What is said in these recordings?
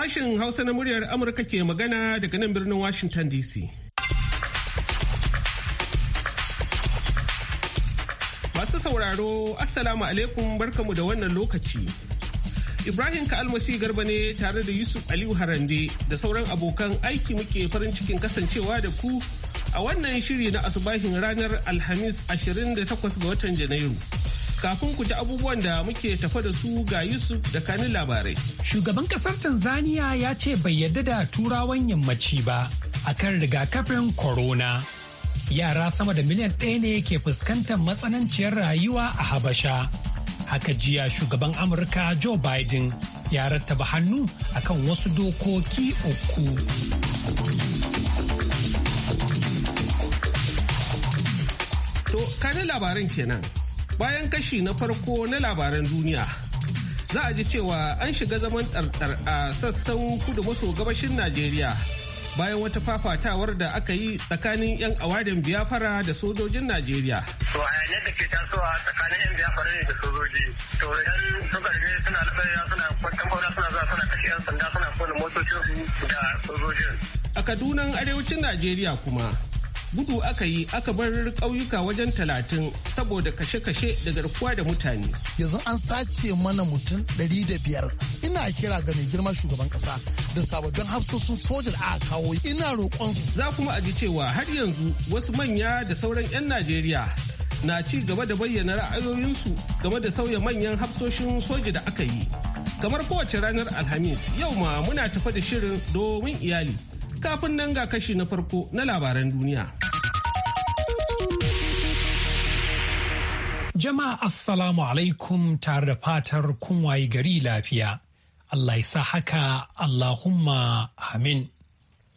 Sashen Hausa na muryar Amurka ke magana daga nan birnin Washington DC. Masu sauraro, Assalamu alaikum barkamu da wannan lokaci. Ibrahim Ka'almasi Garba ne tare da Yusuf Aliyu Harande da sauran abokan aiki muke farin cikin kasancewa da ku a wannan shiri na asubahin ranar Alhamis 28 ga watan Janairu. Kafin ku ji abubuwan da muke tafa da su ga Yusuf da kanin labarai. Shugaban kasar Tanzania ya ce bai yarda da turawan yammaci ba akan rigakafin corona. Yara sama da miliyan ɗaya ne ke fuskantar matsananciyar rayuwa a Habasha. Haka jiya shugaban Amurka Joe Biden ya rattaba hannu akan wasu dokoki uku. To, kanin labarin kenan. Bayan kashi na farko na labaran duniya, za a ji cewa an shiga zaman ɗarɗar a sassan kudu maso gabashin Najeriya. bayan wata fafatawar da aka yi tsakanin 'yan awarin biyafara da sojojin Najeriya. To hayaniyar da ke tasowa tsakanin 'yan biyafara ne da sojoji. To yan suka rige suna labarya suna kwantan fauna suna zuwa suna kashe 'yan sanda suna kone motocin da sojojin. A Kadunan arewacin Najeriya kuma gudu aka yi aka bar ƙauyuka wajen talatin saboda kashe-kashe da garkuwa da mutane. Yanzu an sace mana mutum ɗari da biyar. Ina kira ga mai girma shugaban ƙasa da sababbin hafsoshin sojan a kawo ina roƙon su. Za kuma a ji cewa har yanzu wasu manya da sauran 'yan Najeriya na ci gaba da bayyana ra'ayoyinsu game da sauya manyan hafsoshin soja da aka yi. Kamar kowace ranar Alhamis yau ma muna tafa da shirin domin iyali. Kafin nan ga kashi na farko na labaran duniya. Jama'a Assalamu alaikum tare da fatar kun gari lafiya. Allah ya sa haka Allahumma amin.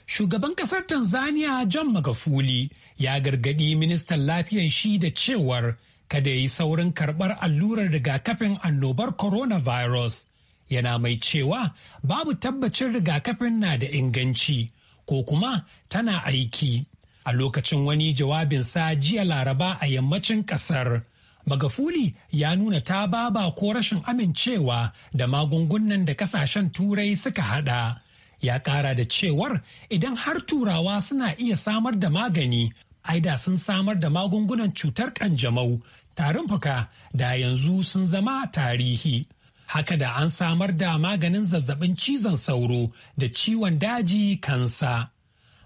Shugaban kasar Tanzania John Magafuli ya gargadi ministan lafiyan shi da cewar kada ya yi saurin karɓar allurar rigakafin annobar coronavirus. Yana mai cewa babu tabbacin rigakafin na da inganci ko kuma tana aiki. A lokacin wani jawabin sa jiya laraba a yammacin kasar. Magafuli ya nuna ta baba ko rashin amincewa da magungunan da kasashen turai suka hada. Ya kara da cewar idan har turawa suna iya samar da magani, aida sun samar da magungunan cutar kanjamau, tarin fuka da yanzu sun zama tarihi. Haka da an samar da maganin zazzabin cizon sauro da ciwon daji kansa.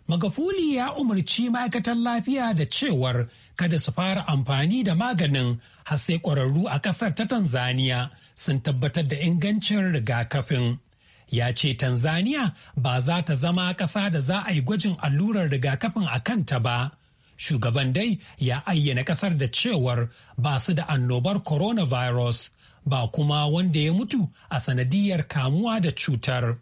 Magafuli ya umarci ma'aikatan lafiya da cewar kada su fara amfani da maganin har sai ƙwararru a ƙasar ta Tanzania sun tabbatar da ingancin rigakafin. Ya ce Tanzania ba za ta zama ƙasa da za a yi gwajin allurar rigakafin a kanta ba. Shugaban dai ya ayyana ƙasar da cewar ba su da annobar coronavirus ba kuma wanda ya mutu a sanadiyar kamuwa da cutar.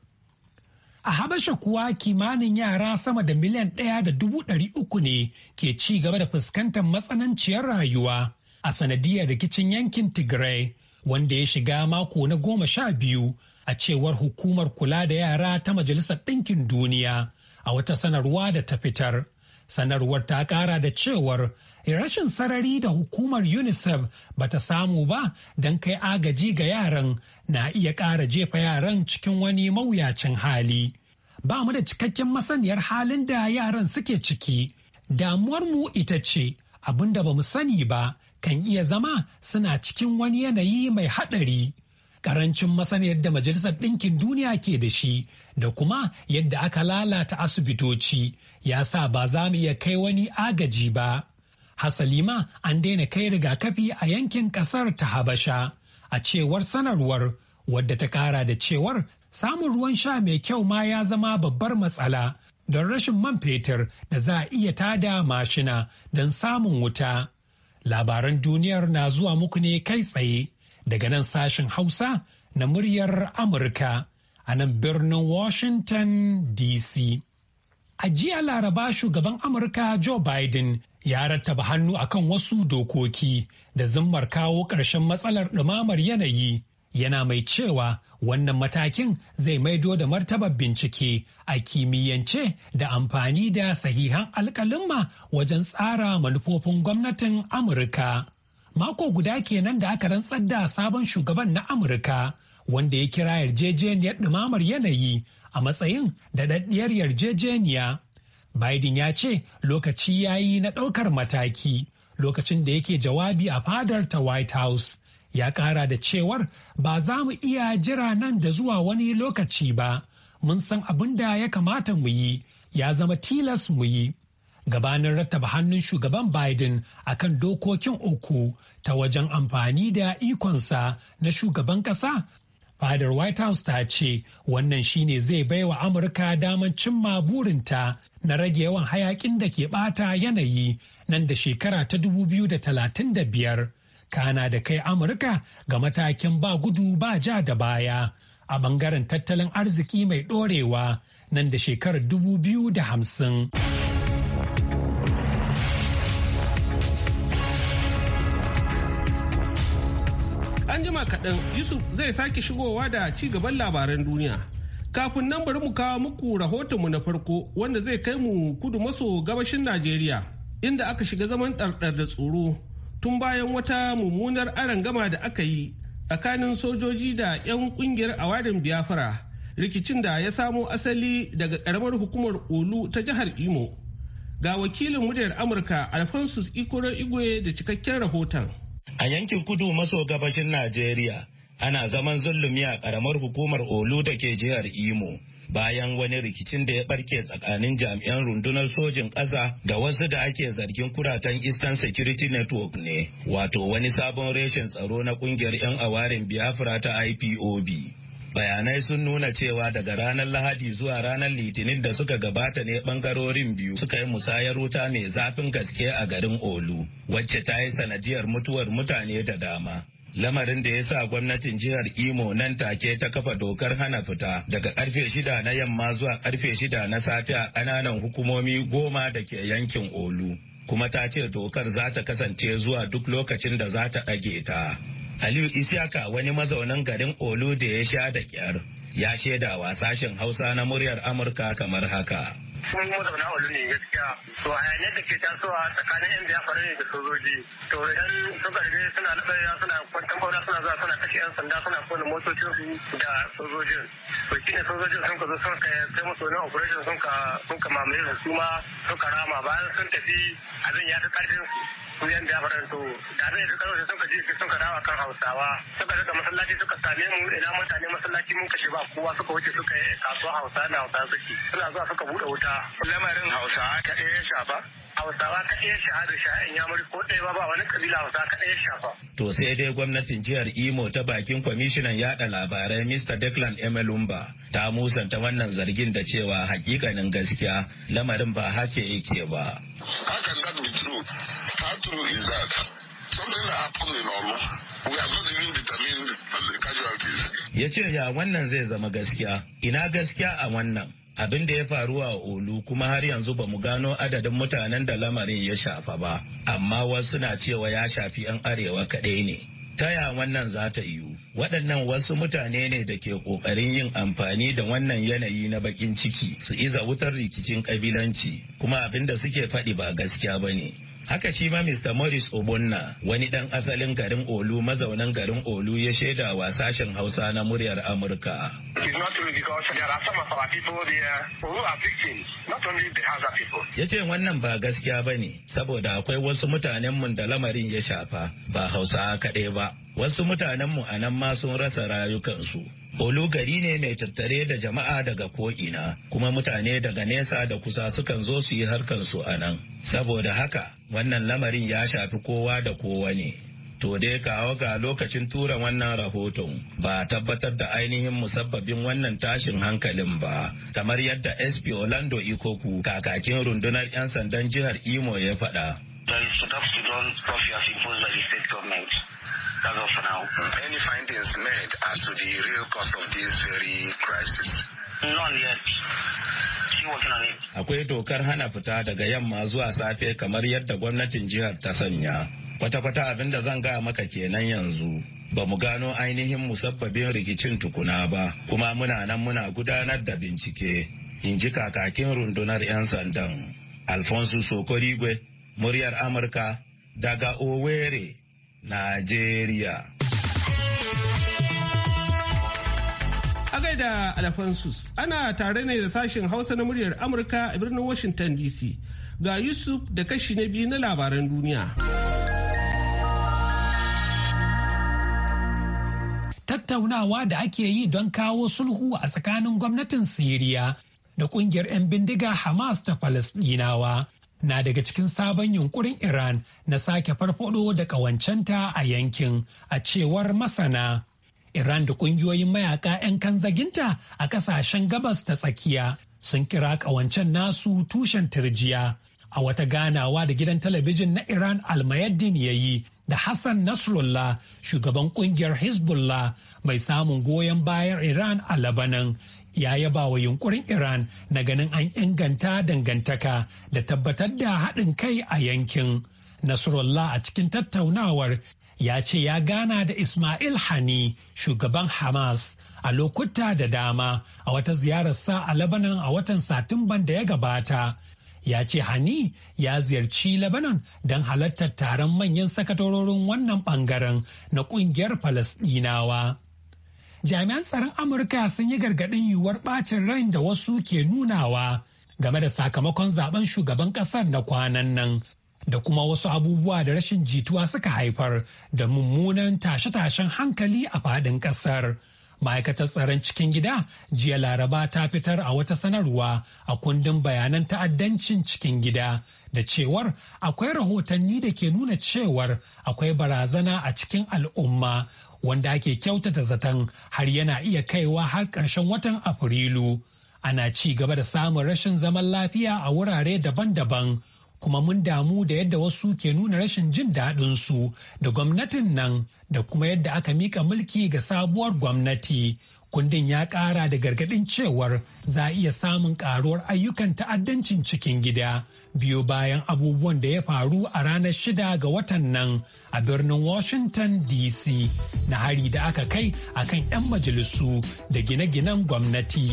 A Habasha kuwa kimanin yara sama da miliyan ɗaya da dubu ɗari uku ne ke ci gaba da fuskantar matsananciyar rayuwa a sanadiyar rikicin yankin Tigray wanda ya shiga mako na goma sha biyu a cewar hukumar kula da yara ta Majalisar Ɗinkin Duniya a wata sanarwa da ta fitar. Sanarwar ta ƙara da cewar rashin sarari da hukumar UNICEF bata samu ba don kai agaji ga yaran na iya ƙara jefa yaran cikin wani mawuyacin hali. Ba mu da cikakken masaniyar halin da yaran suke ciki. Damuwarmu ita ce abin da ba mu sani ba kan iya zama suna cikin wani yanayi mai haɗari. Karancin masaniyar da Majalisar Ɗinkin Duniya ke da shi da kuma yadda aka lalata asibitoci ya sa ba za mu iya kai wani agaji ba. Hasali ma an daina kai rigakafi a yankin kasar ta Habasha a cewar sanarwar wadda ta kara da cewar samun ruwan sha mai kyau ma ya zama babbar matsala don rashin man fetur da za a iya tada mashina don samun wuta. Labaran duniyar na zuwa muku ne kai tsaye daga nan sashen Hausa na muryar Amurka. a nan birnin Washington DC. A jiya laraba shugaban Amurka Joe Biden ya rattaba hannu akan wasu dokoki da zimmar kawo ƙarshen matsalar ɗumamar yanayi. Yana mai cewa wannan matakin zai maido da martabar bincike a kimiyyance da amfani da sahihan alkalinma wajen tsara manufofin gwamnatin Amurka. Mako guda kenan da aka rantsar da sabon shugaban na Amurka. wanda ya kira yarjejeniyar ɗumamar yanayi a matsayin daɗaɗɗiyar yarjejeniya. Biden ya ce lokaci ya yi na ɗaukar mataki lokacin da yake jawabi a fadar ta White House. Ya ƙara da cewar ba za mu iya jira nan da zuwa wani lokaci ba, mun san abin da ya kamata mu yi, ya zama tilas mu yi. gabanin rattaba hannun shugaban Biden a kan dokokin uku ta wajen amfani da ikonsa na shugaban ƙasa fadar white house ta ce wannan shine zai bai wa amurka damar cimma burinta na rage yawan hayakin da ke bata yanayi nan da shekara ta 2035 kana da kai amurka ga matakin ba gudu ba ja da baya a bangaren tattalin arziki mai ɗorewa nan da shekarar 2050 kaɗan Yusuf zai sake shigowa da ci gaban labaran duniya. Kafin nan bari mu kawo muku rahotonmu na farko wanda zai kai mu kudu maso gabashin Najeriya inda aka shiga zaman ɗarɗar da tsoro tun bayan wata mummunar gama da aka yi tsakanin sojoji da 'yan kungiyar awadin biyafara rikicin da ya samo asali daga ƙaramar hukumar Olu ta jihar Imo. Ga wakilin muryar Amurka Alphonsus Ikoro Igwe da cikakken rahoton. A yankin kudu maso gabashin Najeriya ana zaman zulumi a karamar hukumar Olu da ke jihar Imo. Bayan wani rikicin da ya barke tsakanin jami'an rundunar sojin ƙasa ga wasu da ake zargin kuratan Eastern Security Network ne, wato wani sabon reshen tsaro na ƙungiyar 'yan awarin Biafra ta IPOB. bayanai sun nuna cewa daga ranar lahadi zuwa ranar litinin da suka gabata ne bangarorin biyu suka yi musayar wuta mai zafin gaske a garin olu wacce ta yi sanadiyar mutuwar mutane da dama lamarin da ya sa gwamnatin jihar imo nan take ta kafa dokar hana fita daga karfe shida na yamma zuwa karfe shida na safe a kananan hukumomi goma da ke yankin olu kuma ta ce dokar za ta kasance zuwa duk lokacin da za ta ɗage ta Aliyu Isiaka wani mazaunin garin Olu da ya sha da kyar ya shaidawa wa sashen Hausa na muryar Amurka kamar haka. Mun mazauna Olu ne gaskiya. To hayaniyar da ke tasowa tsakanin yan biyafara ne da sojoji. To idan suka karbe suna naɗaya suna kwantar gona suna zuwa suna kashe yan sanda suna kone motocin da sojojin. To ne sojojin sun ka zo sun ka sai musu wani operation sun ka sun ka mamaye su ma sun ka rama bayan sun tafi abin ya fi ƙarfin su. su yan jafaran su da abin da suka je sun ka dawa kan hausawa suka daga masallaci suka same mu ina mutane masallaci mun kashe ba kowa suka wuce suka yi kasuwa hausa na hausa suke suna zuwa suka bude wuta lamarin hausa kaɗai ya shafa hausawa kaɗai ya shahara sha in yamuri ko ɗaya ba ba wani kabila hausawa kaɗai ya shafa. To sai dai gwamnatin jihar Imo ta bakin kwamishinan yaɗa labarai Mr. Declan Emelumba ta musanta wannan zargin da cewa hakikanin gaskiya lamarin ba hake yake ba. Hakan can bi be true? How true is that? Something that happened in Olu. We have not even determined the casualties. Ya ce ya wannan zai zama gaskiya. Ina gaskiya a wannan. abin da ya faru a olu kuma har yanzu ba mu gano adadin mutanen da lamarin ya shafa ba amma wasu na cewa ya shafi 'yan arewa kaɗai ne Ta taya wannan za ta yiwu waɗannan wasu mutane ne da ke ƙoƙarin yin amfani da wannan yanayi na bakin ciki su iza wutar rikicin ƙabilanci kuma abin da suke faɗi ba gaskiya ba ne Haka shi ma Mr. Morris Obonna wani ɗan asalin garin Olu mazaunan garin Olu ya shaida wa sashen Hausa na muryar Amurka. Ya ce wannan ba gaskiya ba ne saboda akwai wasu mutanen mun da lamarin ya shafa ba Hausa kaɗai ba. wasu mutanenmu a nan ma sun rasa rayukansu. Olu gari ne mai tattare da jama'a daga ko'ina, kuma mutane daga nesa da kusa sukan zo su yi harkansu a nan. Saboda haka, wannan lamarin ya shafi kowa da kowa ne. To dai kawo ga lokacin tura wannan rahoton ba tabbatar da ainihin musabbabin wannan tashin hankalin ba, kamar yadda SP Orlando Ikoku kakakin rundunar 'yan sandan jihar Imo ya faɗa. That's all for now. Any findings made as to the real cause of this very crisis? None yet. Akwai dokar hana fita daga yamma zuwa safe kamar yadda gwamnatin jihar ta sanya. Kwata-kwata abin da zan gaya maka kenan yanzu. Ba mu gano ainihin musabbabin rikicin tukuna ba, kuma muna nan muna gudanar da bincike. In ji kakakin rundunar 'yan sandan. Alfonso Sokorigwe, muryar Amurka, daga Owerri, Najeriya. A gaida Alfonsus, ana tare ne da sashen Hausa na muryar Amurka a birnin Washington DC. Ga Yusuf da kashi na biyu na labaran duniya. Tattaunawa da ake yi don kawo sulhu a tsakanin gwamnatin Siriya da kungiyar 'yan bindiga Hamas ta Falasɗinawa na daga cikin sabon yunkurin Iran na sake farfado da ƙawancenta a yankin a cewar masana. Iran da ƙungiyoyin mayaka 'yan kanzaginta a ƙasashen gabas ta tsakiya sun kira ƙawancen nasu tushen turjiya. A wata ganawa da gidan talabijin na Iran Almayaddin ya yi da Hassan Nasrullah shugaban kungiyar Hezbollah mai samun goyon bayan Iran a Labanan ya yaba wa yunkurin Iran na ganin an inganta dangantaka da tabbatar da haɗin kai a yankin. Nasrullah a cikin tattaunawar ya ce ya gana da Ismail Hani shugaban Hamas a lokuta da dama a wata ziyararsa a Lebanon a watan Satumban da ya gabata. Ya ce Hani ya ziyarci Lebanon don halartar taron manyan sakatarorin wannan ɓangaren na ƙungiyar Falasɗinawa. jami'an tsaron amurka sun yi gargaɗin yiwuwar ɓacin rai da wasu ke nunawa game da sakamakon zaben shugaban ƙasar na kwanan nan da kuma wasu abubuwa da rashin jituwa suka haifar da mummunan tashe-tashen hankali a faɗin ƙasar. ma'aikatar tsaron cikin gida jiya laraba ta fitar a wata sanarwa a kundin bayanan ta'addancin cikin gida da cewar akwai rahotanni da ke nuna cewar akwai barazana a cikin al'umma wanda ake kyautata zaton har yana iya kaiwa har ƙarshen watan afrilu ana ci gaba da samun rashin zaman lafiya a wurare daban-daban kuma mun damu da yadda wasu ke nuna rashin jin daɗin su da gwamnatin nan da kuma yadda aka mika mulki ga sabuwar gwamnati kundin ya ƙara da gargaɗin cewar za a iya samun ƙaruwar ayyukan ta'addancin cikin gida biyu bayan abubuwan da ya faru a ranar shida ga watan nan a birnin washington dc na hari da aka kai a kan 'yan majalisu da gine-ginen gwamnati.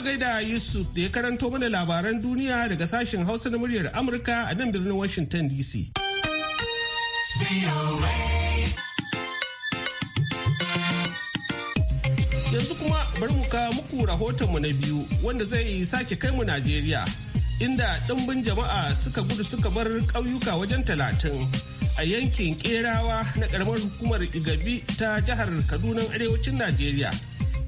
a gaida Yusuf da ya karanto mana labaran duniya daga sashen Hausa na muryar Amurka a nan birnin Washington DC. Yanzu kuma bari mu ka muku rahotonmu na biyu wanda zai sake kai mu Najeriya inda ɗimbin jama'a suka gudu suka bar ƙauyuka wajen talatin a yankin Kerawa na karamar hukumar Igabi ta jihar Kaduna arewacin Najeriya.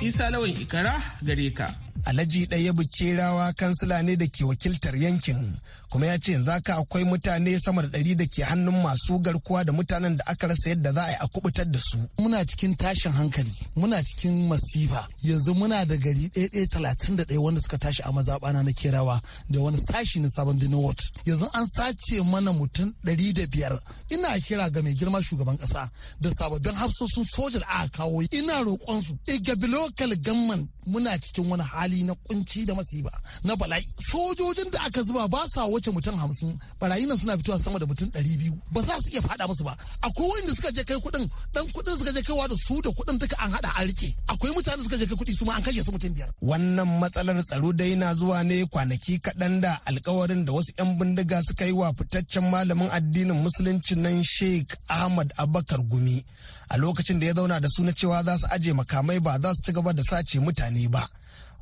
Isa Lawan Ikara gare ka. Alhaji ɗaya bukerawa kansila ne da ke wakiltar yankin kuma ya ce haka akwai mutane sama da ɗari da ke hannun masu garkuwa da mutanen da aka rasa yadda za a yi a kubutar da su. Muna cikin tashin hankali, muna cikin masifa, yanzu muna da gari ɗaya talatin da ɗaya wanda suka tashi a mazaɓana na kerawa da wani sashi na sabon Benin Ward. Yanzu an sace mana mutum ɗari da biyar. Ina kira ga mai girma shugaban ƙasa da sababbin hafsoshin soja a kawo. Ina roƙonsu, Igabi local gamman muna cikin wani hali hali na kunci da masiba na bala'i sojojin da aka zuba ba sa wace mutum hamsin barayi nan suna fitowa sama da mutum ɗari biyu ba za su iya faɗa musu ba akwai wanda suka je kai kuɗin dan kuɗin suka je kaiwa da su da kuɗin duka an haɗa an rike akwai mutane da suka je kai kuɗi su ma an kashe su mutum biyar. wannan matsalar tsaro dai na zuwa ne kwanaki kaɗan da alkawarin da wasu 'yan bindiga suka yi wa fitaccen malamin addinin musulunci nan sheikh ahmad abakar gumi a lokacin da ya zauna da su na cewa za su aje makamai ba za su ci gaba da sace mutane ba.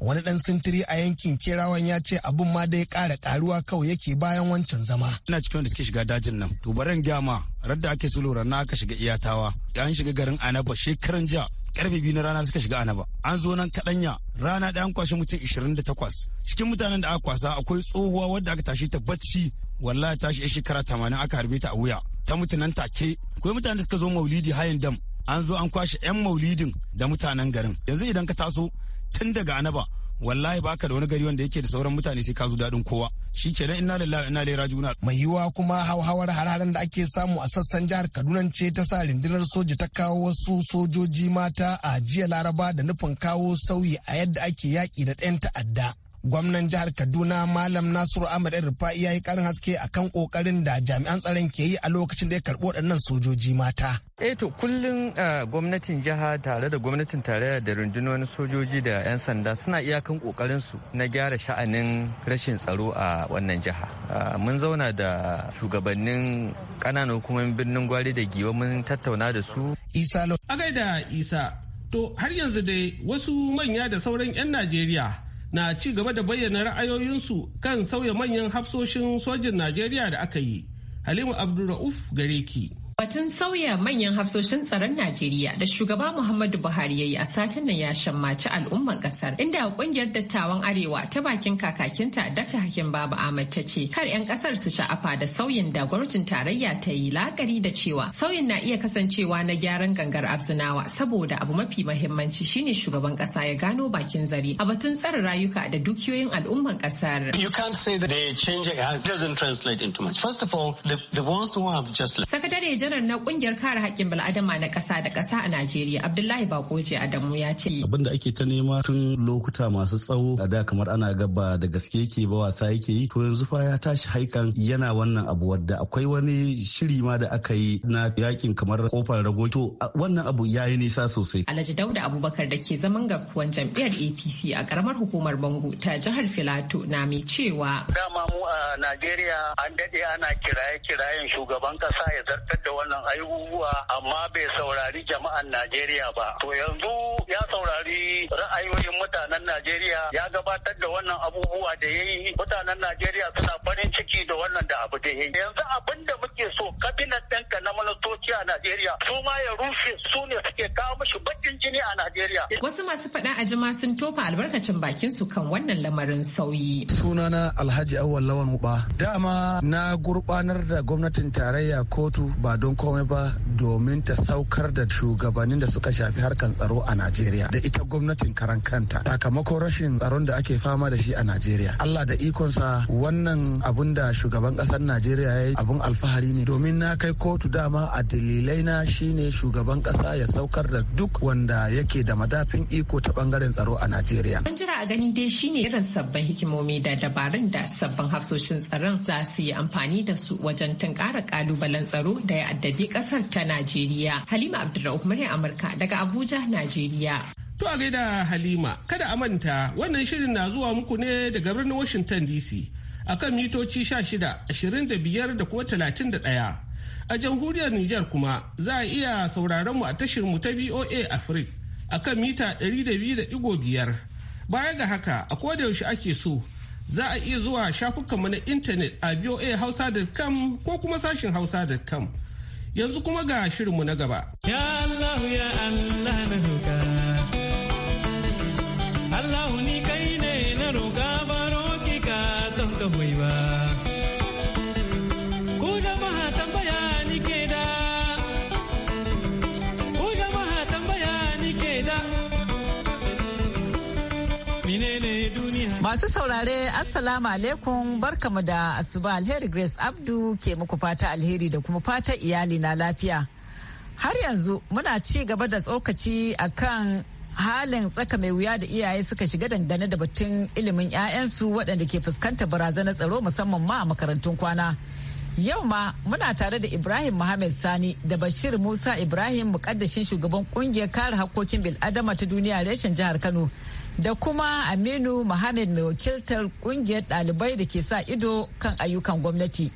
wani dan sintiri a yankin kerawan ya ce abin ma dai kara karuwa kawai yake bayan wancan zama ina cikin wanda suke shiga dajin nan to baran gyama radda ake sulura na aka shiga iyatawa an shiga garin anaba shekaran jiya karfe biyu na rana suka shiga anaba an zo nan kaɗanya rana ɗaya an kwashe mutum 28 cikin mutanen da aka kwasa akwai tsohuwa wadda aka tashi ta bacci wallahi tashi shekara tamanin aka harbe ta a wuya ta mutu take akwai mutanen da suka zo maulidi hayan dam an zo an kwashe 'yan maulidin da mutanen garin yanzu idan ka taso tun daga anaba wallahi baka da wani gari wanda yake da sauran mutane sai ka zo dadin kowa shi kenan inna lillahi inna ilaihi raji'un mai yiwuwa kuma hauhawar hararen da ake samu a sassan jihar Kaduna ce ta sa rundunar soja ta kawo wasu sojoji mata a jiya Laraba da nufin kawo sauyi a yadda ake yaki da ɗayan ta'adda gwamnan jihar kaduna malam nasiru ahmad yan rufa'i ya yi karin haske akan kokarin da jami'an tsaron ke yi a lokacin da ya karɓo waɗannan sojoji mata eh to kullum eh, gwamnatin jiha tare da gwamnatin tarayya da rundunonin sojoji da 'yan sanda suna iyakan kokarin su na gyara sha'anin rashin tsaro a wannan jiha eh, mun zauna da shugabannin ƙananan hukumomin birnin gwari da giwa mun tattauna da su isa a gaida isa to har yanzu dai wasu manya da sauran 'yan najeriya na ci gaba da bayyana ra'ayoyinsu kan sauya manyan hafsoshin sojin Najeriya da aka yi. Halimu Abdulra'uf Gareki. Batun sauya manyan hafsoshin tsaron Najeriya da shugaba Muhammadu Buhari ya yi a satin nan ya shammaci al'umman kasar inda kungiyar dattawan Arewa ta bakin kakakinta Dr. Hakim Baba Ahmad ta ce kar 'yan kasar su sha'afa da sauyin da gwamnatin tarayya ta yi la'akari da cewa sauyin na iya kasancewa na gyaran gangar abzinawa saboda abu mafi mahimmanci shine shugaban kasa ya gano bakin zare a batun tsare rayuka da dukiyoyin al'umman kasar. You can't say that they change it doesn't translate into much. First of all, the, the ones who have just left. Sakatare janar na kungiyar kare haƙƙin bil'adama na ƙasa da ƙasa a Najeriya Abdullahi Bakoje Adamu ya ce. Abin da ake ta nema tun lokuta masu tsawo a da kamar ana gaba da gaske yake ba wasa yake yi to yanzu fa ya tashi haikan yana wannan abu wadda akwai wani shiri ma da aka yi na yakin kamar kofar rago to wannan abu ya yi nisa sosai. Alhaji Dauda Abubakar da ke zaman garkuwan jam'iyyar APC a karamar hukumar Bango ta jihar Filato na mai cewa. Dama mu a Najeriya an daɗe ana kiraye-kirayen shugaban ƙasa ya zartar da wannan abubuwa amma bai saurari jama'an Najeriya ba. To yanzu ya saurari ra'ayoyin mutanen Najeriya ya gabatar da wannan abubuwa da ya yi mutanen Najeriya suna farin ciki da wannan da abu da ya yi. Yanzu abin da muke so kabinet ɗinka na ministoci a Najeriya su ma ya rufe su ne suke kawo mashi bakin jini a Najeriya. Wasu masu faɗa a jima sun tofa albarkacin bakin su kan wannan lamarin sauyi. Sunana Alhaji Awwal Lawan Uba. Dama na gurbanar da gwamnatin tarayya kotu ba don komai ba domin ta saukar da shugabannin da suka shafi harkan tsaro a Najeriya da ita gwamnatin karan kanta sakamakon rashin tsaron da ake fama da shi a Najeriya. Allah da ikonsa wannan abun da shugaban kasar Najeriya ya yi abun alfahari ne domin na kai kotu dama a dalilai na shine shugaban ƙasa ya saukar da duk wanda yake da madafin iko ta bangaren tsaro a Najeriya. An jira a gani dai shine irin sabbin hikimomi da dabarun da sabbin hafsoshin tsaron za su yi amfani da su wajen tunkara kalubalen tsaro da ya addabi kasar ta Najeriya. Halima Abdulrauf Amurka daga Abuja, Najeriya. To a gaida Halima, kada a manta wannan shirin na zuwa muku ne daga birnin Washington DC akan mitoci 16, 25 da kuma 31. A jamhuriyar Nijar kuma za a iya sauraron mu a tashar mu ta VOA Africa akan mita 200.5. Baya ga haka, a koda yaushe ake so za a iya zuwa shafukanmu na intanet a voahausa.com ko kuma sashin hausa.com. Yanzu kuma ga shirinmu na gaba. Ya Allah ya Allah. Masu saurare Assalamu alaikum barkamu da asuba alheri Grace Abdu ke muku fata alheri da kuma fata iyali na lafiya. Har yanzu muna ci gaba da tsokaci a kan halin tsaka mai wuya da iyaye suka shiga dangane da batun ilimin 'ya'yansu waɗanda ke fuskantar barazanar tsaro musamman ma a makarantun kwana. Yau ma muna tare da Ibrahim Mohammed Sani da Bashir Musa Ibrahim mukaddashin shugaban kungiyar kare hakkokin bil'adama ta duniya reshen jihar Kano da kuma Aminu Mohamed mai wakiltar kungiyar ɗalibai da ke sa ido kan ayyukan gwamnati.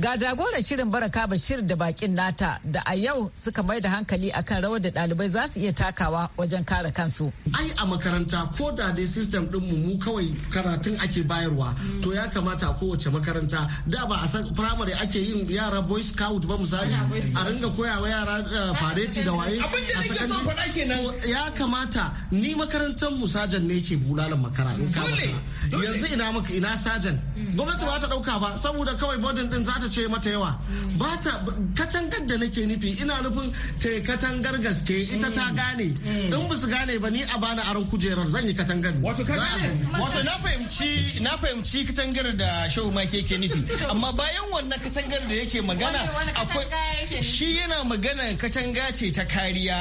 Ga jagorar shirin Baraka Bashir da bakin nata da a yau suka mai da hankali akan rawar da ɗalibai za su iya takawa wajen kare kansu. Ai a makaranta ko da dai system ɗinmu mu kawai karatun ake bayarwa mm. to ya kamata a kowace makaranta da ba a san primary ake yin yara boy scout ba misali a ringa koyawa yara fareti uh, da waye. a sakandare Ya kamata ni makarantar mu sajan ne ke bulalan makara. Dole. Yanzu ina maka ina sajan. Mm. Gwamnati ba ta ɗauka ba saboda kawai bodin ɗin za ta ce mata yawa ba ta katangar da nake nufi ina nufin ta katangar gaske ita ta mm. gane mm. in ba su gane ba ni a bana aron kujerar zan yi katangar wato ka gane wato na fahimci na fahimci katangar da shehu ma ke nufi amma bayan wannan katangar da yake magana akwai shi yana magana katanga ce ta kariya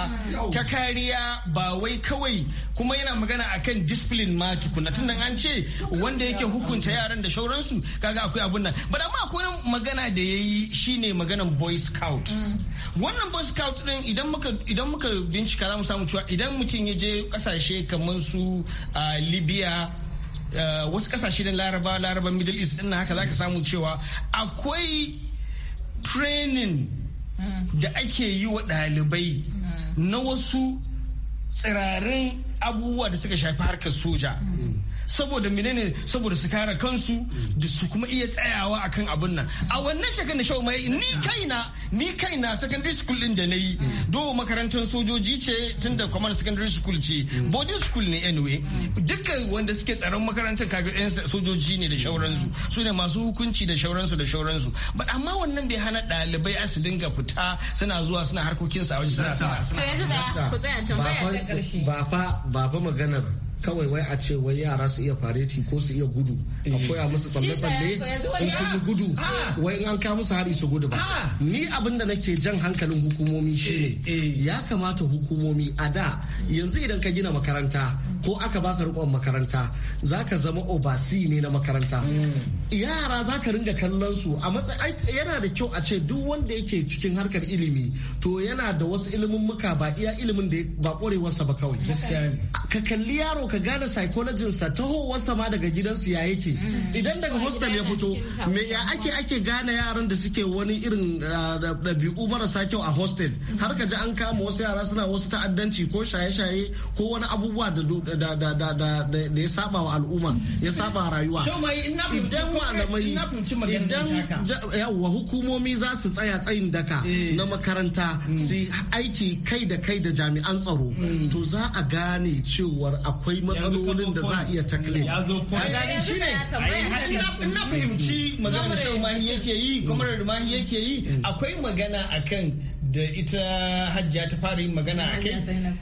ta kariya ba wai kawai kuma yana magana akan discipline ma tukuna tunda an ce wanda yake hukunta yaran da shauransu kaga akwai abun nan ba amma akwai magana da ya yi shine maganan boy scout mm. wannan boy scout din idan muka bincika za mu samu cewa idan mutum ya je kasashe kamar su libya wasu kasashe da laraba laraba middle east din haka zaka samu cewa akwai training mm. da ake yi wa ɗalibai mm. na wasu tsirarin abubuwa da suka shafi harkar soja saboda menene saboda su kare kansu da su kuma iya tsayawa akan abin nan a wannan shekarar shau mai ni kaina ni kaina secondary school din da nayi do makarantar sojoji ce tun da command secondary school ce boarding school ne anyway dukkan wanda suke tsaron makarantar kaga yan sojoji ne da shauransu su ne masu hukunci da shauransu da shauransu ba amma wannan bai hana ɗalibai a su dinga fita suna zuwa suna harkokinsu a waje suna suna suna ba fa maganar kawai wai a ce wai yara su iya fareti ko su iya gudu a eh. koya musu tsalle-tsalle in su gudu wai in an ka musu hari su gudu ba ni abin da nake jan hankalin hukumomi shine eh, eh. ya kamata hukumomi a da yanzu idan ka gina makaranta ko aka baka rikon makaranta za ka zama obasi ne na makaranta yara za ka ringa kallon su a matsayin yana da kyau a ce duk wanda yake cikin harkar ilimi to yana da wasu ilimin muka ba iya ilimin da ba korewarsa ba kawai ka kalli yaro ka gane psychologist tahowarsa ma daga gidan su ya yake mm. idan daga hostel ya fito me ya ake ake gane yaran da suke wani irin ah, ɗabi'u marasa kyau a hostel har ka ji an kama wasu yara suna wasu ta'addanci ko shaye-shaye ko wani abubuwa da da ya saba wa al'umma ya saba rayuwa idan malamai idan yawa hukumomi za su tsaya tsayin daka eh. na makaranta hmm. su aiki kai da kai da jami'an tsaro hmm. to za a gane cewar akwai matsalolin da za a iya takle na fahimci magana da yake yi kuma da yake yi hmm. akwai magana akan da ita hajjiya ta fara yin magana a kai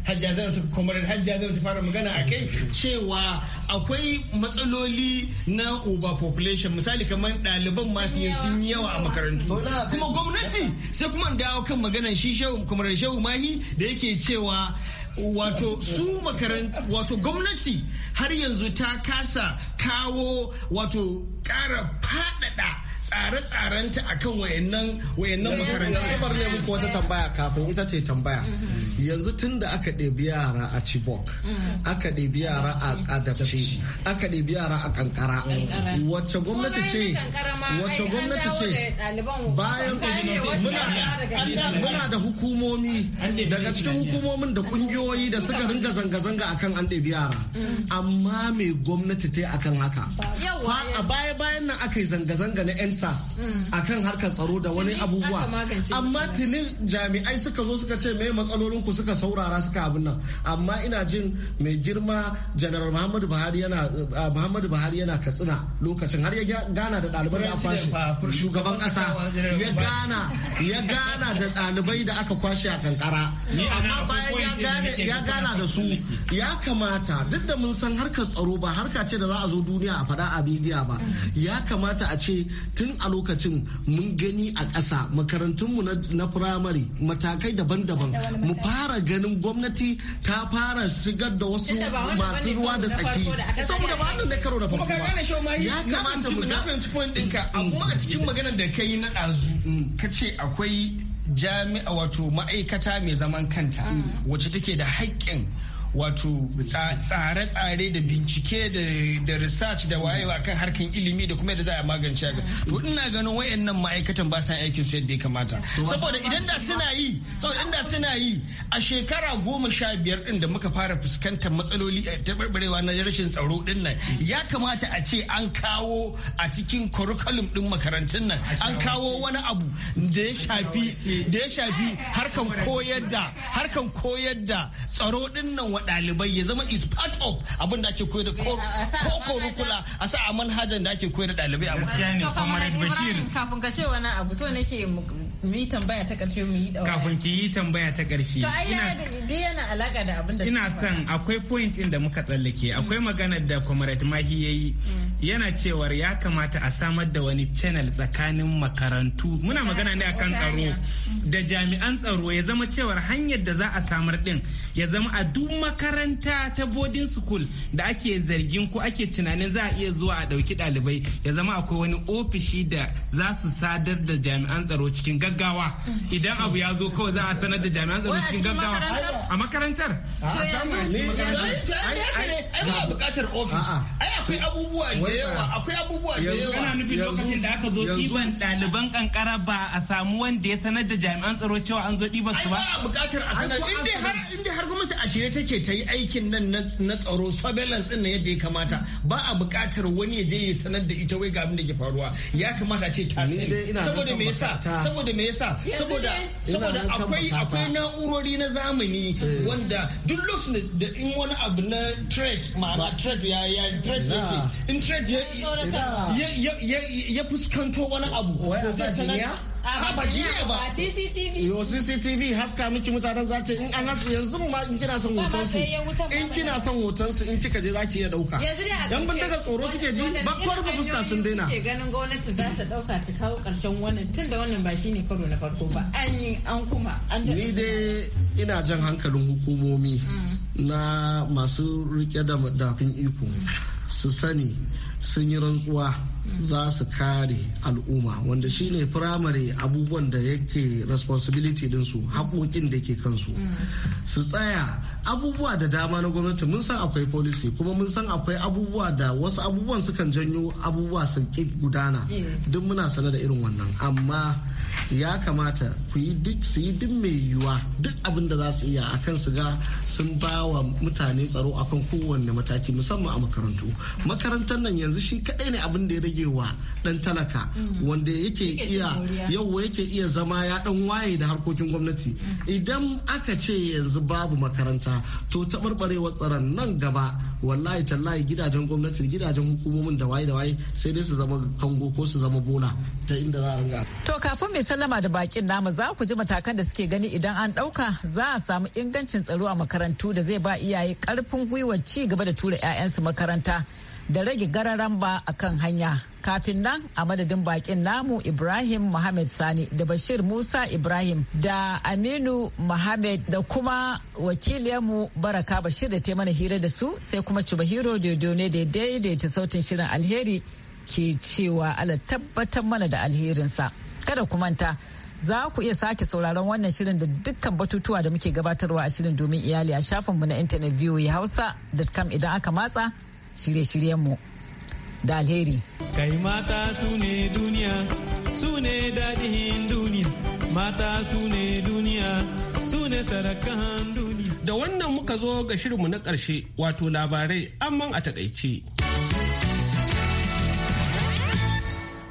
hajjiya zainab ta kwamarin hajjiya zainab ta fara magana a kai cewa akwai matsaloli na population misali kamar ɗaliban masu yin sun yi yawa a makarantu kuma gwamnati sai kuma dawo kan maganan shi shehu kwamarin shehu mahi da yake cewa wato su makarantu wato gwamnati har yanzu ta kasa kawo wato ƙara faɗaɗa tsare-tsarenta akan wayannan wayannan makarantu kamar ne muku wata tambaya kafin ita ce tambaya mm-hmm. yanzu tun da aka ɗebi yara a Chibok mm-hmm. aka ɗebi yara a Adabci aka ɗebi yara a Kankara wacce gwamnati ce wacce gwamnati ce bayan muna da hukumomi daga cikin hukumomin da kungiyoyi da suka ringa zanga-zanga akan an ɗebi yara mm. amma me gwamnati ta akan haka a baya-bayan nan aka yi zanga-zanga na 'yan sas mm. a kan harkar tsaro da wani abubuwa amma tuni jami'ai suka zo suka ce mai matsalolin ku suka saurara suka abin nan amma ina jin mai girma janar eh, muhammadu buhari yana katsina lokacin har ya gana da dalibai da kwashe shugaban kasa ya gana ya gana da dalibai da aka kwashe a kankara amma bayan ya gana da su ya kamata duk da mun san harkar tsaro ba harka ce da za a zo duniya a faɗa a bidiya ba ya kamata a ce tun a lokacin mun gani a ƙasa makarantunmu na firamare matakai daban-daban mu fara ganin gwamnati ta fara shigar da wasu masu ruwa da tsaki saboda ba na karo da farko ya kamata mu ga ɗinka amma mm, mm, a mm, cikin maganar da kai na ɗazu ka ce akwai jami'a wato ma'aikata mai zaman kanta wacce take da haƙƙin wato tsare-tsare da bincike da research da wayewa kan harkan ilimi da kuma da za a magance ga to ina ganin wayannan ma'aikatan ba sa aikin su yadda ya kamata saboda idan da suna yi saboda idan da suna yi a shekara goma sha biyar din da muka fara fuskantar matsaloli eh, ta barbarewa na rashin tsaro din nan ya kamata a ce an kawo a cikin curriculum din makarantun nan an kawo wani abu da ya shafi da ya shafi harkan koyar da harkan koyar da tsaro din nan wa ɗalibai ya zama is part of abin da ake koyar da ko kurkula a sa a manhajar da ake koyar da ɗalibai a makaranta. Kafin ka ce wani abu so nake mu yi tambaya ta ƙarshe mu yi Kafin ki yi tambaya ta ƙarshe. To ai yana alaka da abin da Ina san akwai point ɗin da muka tsallake akwai maganar da Comrade Mahi ya yi. Mm. yana cewar ya kamata a samar da wani channel tsakanin makarantu muna magana ne akan tsaro da jami'an tsaro ya zama cewar hanyar da za a samar din ya zama a duk makaranta ta boarding school da ake zargin ko ake tunanin za a iya zuwa a ɗauki ɗalibai ya zama akwai wani ofishi da za su sadar da jami'an tsaro cikin gaggawa idan abu ya zo kawai za a sanar da jami'an tsaro cikin gaggawa a makarantar a bukatar ofis ai akwai abubuwa da yawa akwai abubuwa da yawa kana nufin lokacin da aka zo ɗiban ɗaliban kankara ba a samu wanda ya sanar da jami'an tsaro cewa an zo ɗiban su ba ai ba buƙatar a sanar in dai har gwamnati a shirye take ta yi aikin nan na tsaro surveillance din yadda ya kamata ba a buƙatar wani ya je ya sanar da ita wai ga abin da ke faruwa ya kamata ce ta sani saboda me yasa saboda me yasa saboda saboda akwai akwai na'urori na zamani eh. wanda duk lokacin da in wani abu na threat ma'ana threat ya ya threat yake je ya fuskanto wani abu zai sanar a ba jiya ba cctv yo cctv haska miki mutanen za ta in an hasu yanzu ma in kina son hoton su in kina son hoton su in kika je za ki iya dauka dan bin daga tsoro suke ji bakwar ba fuska sun daina ke ganin gwamnati za ta dauka ta kawo karshen wannan tun da wannan ba shine karo na farko ba an yi an kuma an ni dai ina jan hankalin hukumomi mm. na masu rike da dafin iko mm. su sani sun yi rantsuwa za su kare al'umma wanda shine firamare abubuwan da yake responsibility dinsu haƙoƙin da ke kansu su tsaya abubuwa da dama na gwamnati mun san akwai policy kuma mun san akwai abubuwa da wasu abubuwan sukan janyo abubuwa sun gudana mm. duk muna sane da irin wannan amma ya kamata ku yi duk su yi duk mai yiwuwa duk abin da za su iya akan su ga sun ba wa mutane tsaro akan kowanne mataki musamman a makarantu makarantar nan yanzu shi kadai ne abin da ya rage wa dan talaka mm. wanda yake iya yau yake iya zama ya dan waye da harkokin gwamnati mm. idan aka ce yanzu babu makaranta to taɓarɓarewar tsaron nan gaba wallahi tallahi gidajen gwamnati gidajen hukumomin da waye da waye sai dai su zama kango ko su zama bola ta inda za a ringa. To kafin mai sallama da bakin namu za ku ji matakan da suke gani idan an ɗauka za a samu ingancin tsaro a makarantu da zai ba iyaye ƙarfin gwiwar ci gaba da tura 'ya'yansu makaranta. da rage gararan ba a kan hanya kafin nan a madadin bakin namu ibrahim mohamed sani da bashir musa ibrahim da aminu mohamed da kuma wakiliyarmu baraka bashir da ta mana hira da su sai kuma cibahiro dodo ne da daidaita sautin shirin alheri ke cewa ala tabbatar mana da alherinsa kada ku manta za ku iya sake sauraron wannan shirin da dukkan batutuwa da muke gabatarwa a shirin domin iyali a shafinmu na intanet voahausa.com idan aka matsa shirye-shiryenmu da alheri. Kai mata su ne duniya, su ne daɗin duniya, mata su ne duniya, su ne sarakan duniya. Da wannan muka zo ga shirinmu na ƙarshe wato labarai amman a takaice.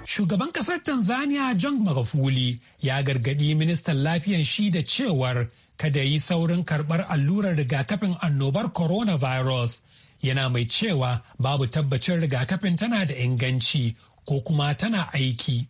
Shugaban ƙasar Tanzania John Magufuli ya gargaɗi ministan lafiyan shi da cewar kada yi saurin karɓar allurar rigakafin annobar coronavirus. yana mai cewa babu tabbacin rigakafin tana da inganci ko kuma tana aiki.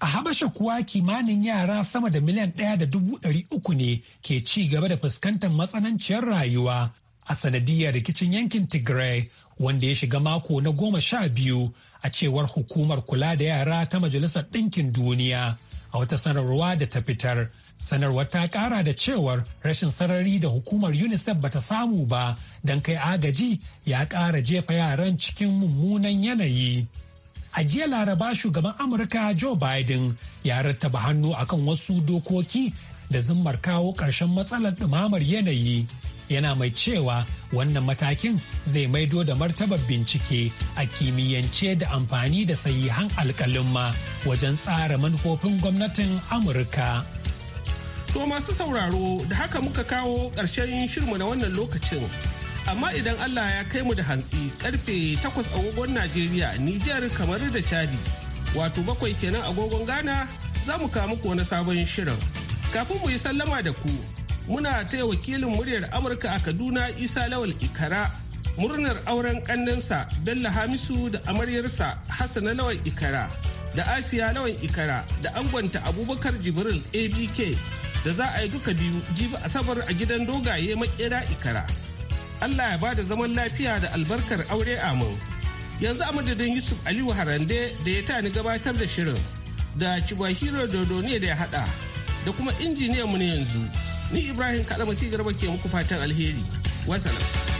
A Habasha kuwa kimanin yara sama da miliyan ɗaya da dubu ɗari uku ne ke ci gaba da fuskantar matsananciyar rayuwa a sanadiyar rikicin yankin Tigray wanda ya shiga mako na goma sha biyu a cewar hukumar kula da yara ta Majalisar Ɗinkin Duniya a wata sanarwa da ta fitar sanarwar ta kara da cewar rashin sarari da hukumar unicef bata samu ba don kai agaji ya kara jefa yaran cikin mummunan yanayi a jiya laraba shugaban amurka joe biden ya rattaba hannu akan wasu dokoki da zimmar kawo ƙarshen matsalar ɗumamar yanayi yana mai cewa wannan matakin zai maido da martabar bincike a kimiyyance da amfani da sahihan alkalin ma wajen tsara manufofin gwamnatin amurka To masu sauraro da haka muka kawo ƙarshen shirmu na wannan lokacin. Amma idan Allah ya kai mu da hantsi karfe takwas agogon Najeriya, Nijar kamar da Chadi. Wato bakwai kenan agogon Ghana za mu kawo muku wani sabon shirin. Kafin mu yi sallama da ku, muna taya wakilin muryar Amurka a Kaduna Isa Lawal Ikara murnar auren ƙannensa Bello Hamisu da amaryarsa Hassana Lawal Ikara da Asiya Lawal Ikara da angonta Abubakar Jibril ABK da za a yi duka biyu jibi asabar a gidan dogaye makera ikara allah ya bada zaman lafiya da albarkar aure amin yanzu a madadin yusuf aliyu harande da ya tani gabatar da shirin da cibahiro dodo ne da ya haɗa da kuma injiniyan mu ne yanzu ni ibrahim kalamasi garba ke muku fatan alheri wasalam